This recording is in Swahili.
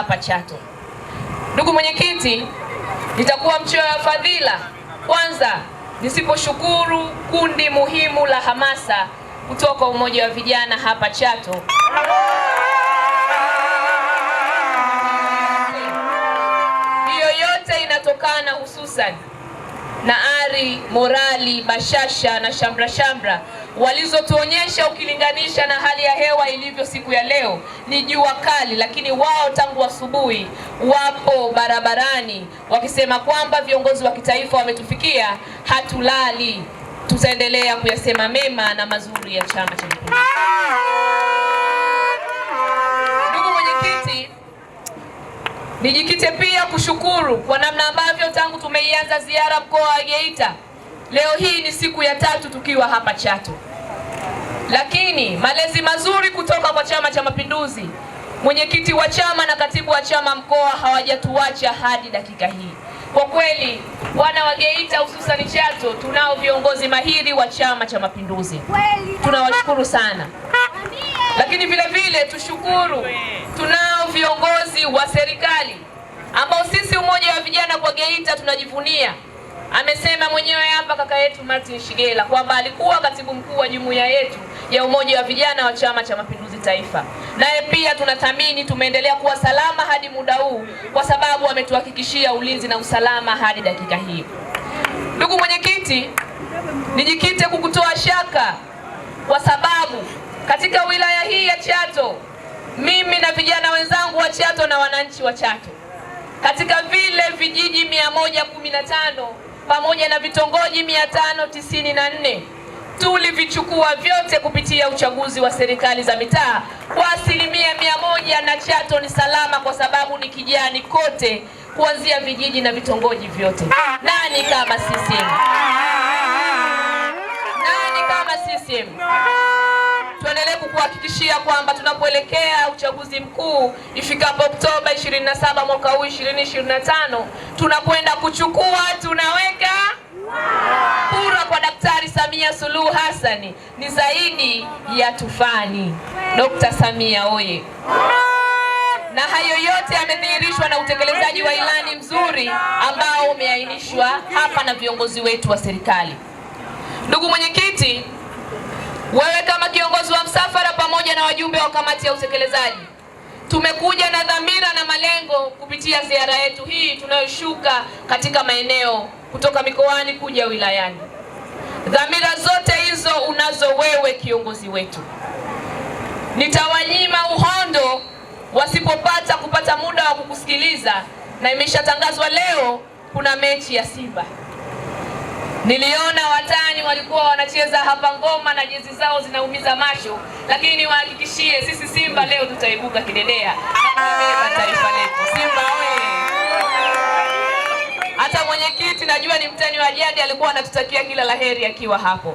Hapa Chato. Ndugu mwenyekiti, nitakuwa mchoyo wa fadhila kwanza nisiposhukuru kundi muhimu la hamasa kutoka Umoja wa Vijana hapa Chato hiyo yote inatokana hususan na ari, morali, bashasha na shamra shamra walizotuonyesha ukilinganisha na hali ya hewa ilivyo siku ya leo, ni jua kali, lakini wao tangu asubuhi wa wapo barabarani wakisema kwamba viongozi wa kitaifa wametufikia, hatulali, tutaendelea kuyasema mema na mazuri ya Chama cha Ndugu mwenyekiti, nijikite pia kushukuru kwa namna ambavyo tangu tumeianza ziara mkoa wa Geita, leo hii ni siku ya tatu tukiwa hapa Chato. Lakini malezi mazuri kutoka kwa Chama cha Mapinduzi, mwenyekiti wa chama na katibu wa chama mkoa hawajatuacha hadi dakika hii. Kwa kweli wana wa Geita hususani Chato tunao viongozi mahiri wa Chama cha Mapinduzi, tunawashukuru sana. Lakini vile vile tushukuru, tunao viongozi wa serikali ambao sisi umoja wa vijana kwa Geita tunajivunia. Amesema mwenyewe hapa kaka yetu Martin Shigela kwamba alikuwa katibu mkuu wa jumuiya yetu ya umoja wa vijana wa Chama cha Mapinduzi Taifa. Naye pia tunathamini tumeendelea kuwa salama hadi muda huu kwa sababu ametuhakikishia ulinzi na usalama hadi dakika hii. Ndugu mwenyekiti, nijikite kukutoa shaka kwa sababu katika wilaya hii ya Chato mimi na vijana wenzangu wa Chato na wananchi wa Chato katika vile vijiji 115 pamoja na vitongoji 594 tulivichukua vyote kupitia uchaguzi wa serikali za mitaa kwa asilimia mia moja, na Chato ni salama kwa sababu ni kijani kote kuanzia vijiji na vitongoji vyote. Nani kama CCM? Nani kama CCM? Tuendelee kukuhakikishia kwamba tunapoelekea uchaguzi mkuu ifikapo Oktoba 27 mwaka huu 2025 tunakwenda kuchukua tuna Samia Suluhu Hassan ni zaidi ya tufani. Dr. Samia oye! Na hayo yote yamedhihirishwa na utekelezaji wa ilani mzuri ambao umeainishwa hapa na viongozi wetu wa serikali. Ndugu mwenyekiti, wewe kama kiongozi wa msafara pamoja na wajumbe wa kamati ya utekelezaji, tumekuja na dhamira na malengo kupitia ziara yetu hii tunayoshuka katika maeneo kutoka mikoani kuja wilayani. Dhamira zote hizo unazo wewe, kiongozi wetu. Nitawanyima uhondo wasipopata kupata muda wa kukusikiliza, na imeshatangazwa leo kuna mechi ya Simba. Niliona watani walikuwa wanacheza hapa ngoma na jezi zao zinaumiza macho, lakini niwahakikishie sisi Simba leo tutaibuka kidedea na kubeba taifa letu. Simba we nikajua ni mtani wa jadi, alikuwa anatutakia kila laheri akiwa hapo.